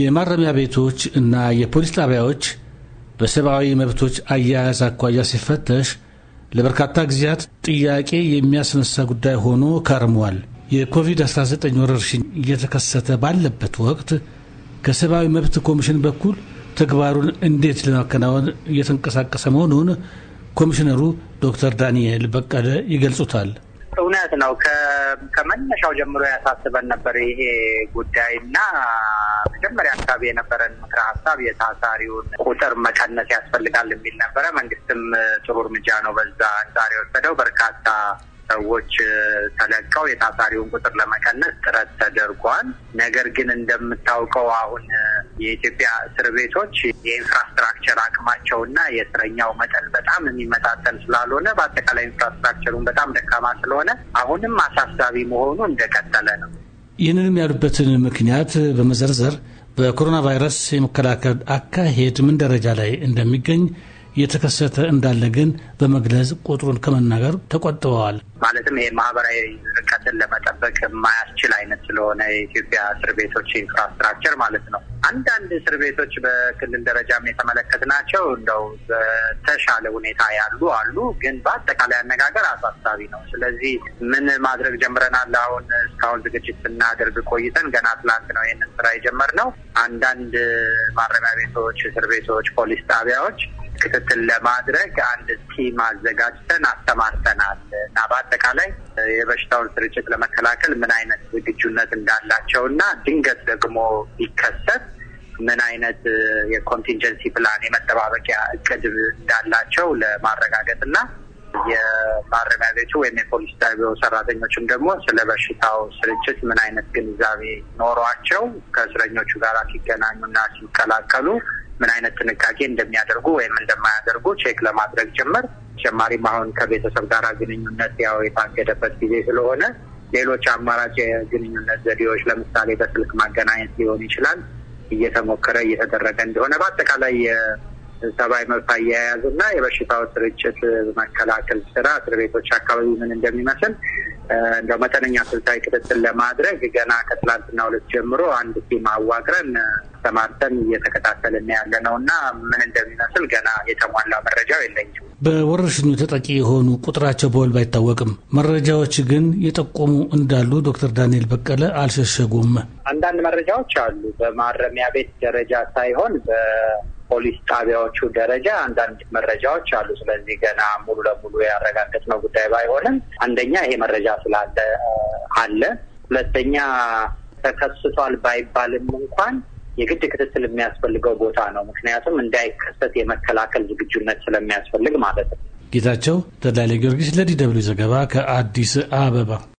የማረሚያ ቤቶች እና የፖሊስ ጣቢያዎች በሰብአዊ መብቶች አያያዝ አኳያ ሲፈተሽ ለበርካታ ጊዜያት ጥያቄ የሚያስነሳ ጉዳይ ሆኖ ከርሟል። የኮቪድ-19 ወረርሽኝ እየተከሰተ ባለበት ወቅት ከሰብአዊ መብት ኮሚሽን በኩል ተግባሩን እንዴት ለማከናወን እየተንቀሳቀሰ መሆኑን ኮሚሽነሩ ዶክተር ዳንኤል በቀለ ይገልጹታል። እውነት ነው። ከመነሻው ጀምሮ ያሳስበን ነበር ይሄ ጉዳይ እና ሀሳብ የነበረን ምክረ ሀሳብ የታሳሪውን ቁጥር መቀነስ ያስፈልጋል የሚል ነበረ። መንግስትም ጥሩ እርምጃ ነው በዛ ዛሬ የወሰደው በርካታ ሰዎች ተለቀው የታሳሪውን ቁጥር ለመቀነስ ጥረት ተደርጓል። ነገር ግን እንደምታውቀው አሁን የኢትዮጵያ እስር ቤቶች የኢንፍራስትራክቸር አቅማቸውና የእስረኛው መጠን በጣም የሚመጣጠን ስላልሆነ በአጠቃላይ ኢንፍራስትራክቸሩን በጣም ደካማ ስለሆነ አሁንም አሳሳቢ መሆኑ እንደቀጠለ ነው። ይህንንም ያሉበትን ምክንያት በመዘርዘር በኮሮና ቫይረስ የመከላከል አካሄድ ምን ደረጃ ላይ እንደሚገኝ እየተከሰተ እንዳለ ግን በመግለጽ ቁጥሩን ከመናገር ተቆጥበዋል። ማለትም ይህ ማህበራዊ ርቀትን ለመጠበቅ የማያስችል አይነት ስለሆነ የኢትዮጵያ እስር ቤቶች ኢንፍራስትራክቸር ማለት ነው አንዳንድ እስር ቤቶች በክልል ደረጃም የተመለከትናቸው እንደው በተሻለ ሁኔታ ያሉ አሉ። ግን በአጠቃላይ አነጋገር አሳሳቢ ነው። ስለዚህ ምን ማድረግ ጀምረናል። አሁን እስካሁን ዝግጅት ስናደርግ ቆይተን ገና ትላንት ነው ይህንን ስራ የጀመርነው። አንዳንድ ማረሚያ ቤቶች፣ እስር ቤቶች፣ ፖሊስ ጣቢያዎች ክትትል ለማድረግ አንድ ቲም አዘጋጅተን አስተማርተናል እና በአጠቃላይ የበሽታውን ስርጭት ለመከላከል ምን አይነት ዝግጁነት እንዳላቸው እና ድንገት ደግሞ ቢከሰት ምን አይነት የኮንቲንጀንሲ ፕላን የመጠባበቂያ እቅድ እንዳላቸው ለማረጋገጥ እና የማረሚያ ቤቱ ወይም የፖሊስ ጣቢያ ሰራተኞችም ደግሞ ስለ በሽታው ስርጭት ምን አይነት ግንዛቤ ኖሯቸው ከእስረኞቹ ጋር ሲገናኙና ሲቀላቀሉ ምን አይነት ጥንቃቄ እንደሚያደርጉ ወይም እንደማያደርጉ ቼክ ለማድረግ ጭምር ተጨማሪም አሁን ከቤተሰብ ጋር ግንኙነት ያው የታገደበት ጊዜ ስለሆነ ሌሎች አማራጭ የግንኙነት ዘዴዎች ለምሳሌ በስልክ ማገናኘት ሊሆን ይችላል እየተሞከረ እየተደረገ እንደሆነ በአጠቃላይ የሰብአዊ መብት አያያዝ እና የበሽታዎች ስርጭት መከላከል ስራ እስር ቤቶች አካባቢ ምን እንደሚመስል እንደው መጠነኛ ስልታዊ ክትትል ለማድረግ ገና ከትላንትና ሁለት ጀምሮ አንድ ቲም አዋቅረን ተማርተን እየተከታተልን ያለ ነው እና ምን እንደሚመስል ገና የተሟላ መረጃው የለኝም። በወረርሽኙ ተጠቂ የሆኑ ቁጥራቸው በወል ባይታወቅም መረጃዎች ግን የጠቆሙ እንዳሉ ዶክተር ዳንኤል በቀለ አልሸሸጉም። አንዳንድ መረጃዎች አሉ። በማረሚያ ቤት ደረጃ ሳይሆን ፖሊስ ጣቢያዎቹ ደረጃ አንዳንድ መረጃዎች አሉ። ስለዚህ ገና ሙሉ ለሙሉ ያረጋገጥነው ጉዳይ ባይሆንም አንደኛ ይሄ መረጃ ስላለ አለ፣ ሁለተኛ ተከስቷል ባይባልም እንኳን የግድ ክትትል የሚያስፈልገው ቦታ ነው። ምክንያቱም እንዳይከሰት የመከላከል ዝግጁነት ስለሚያስፈልግ ማለት ነው። ጌታቸው ተድላ ጊዮርጊስ ለዲ ደብልዩ ዘገባ ከአዲስ አበባ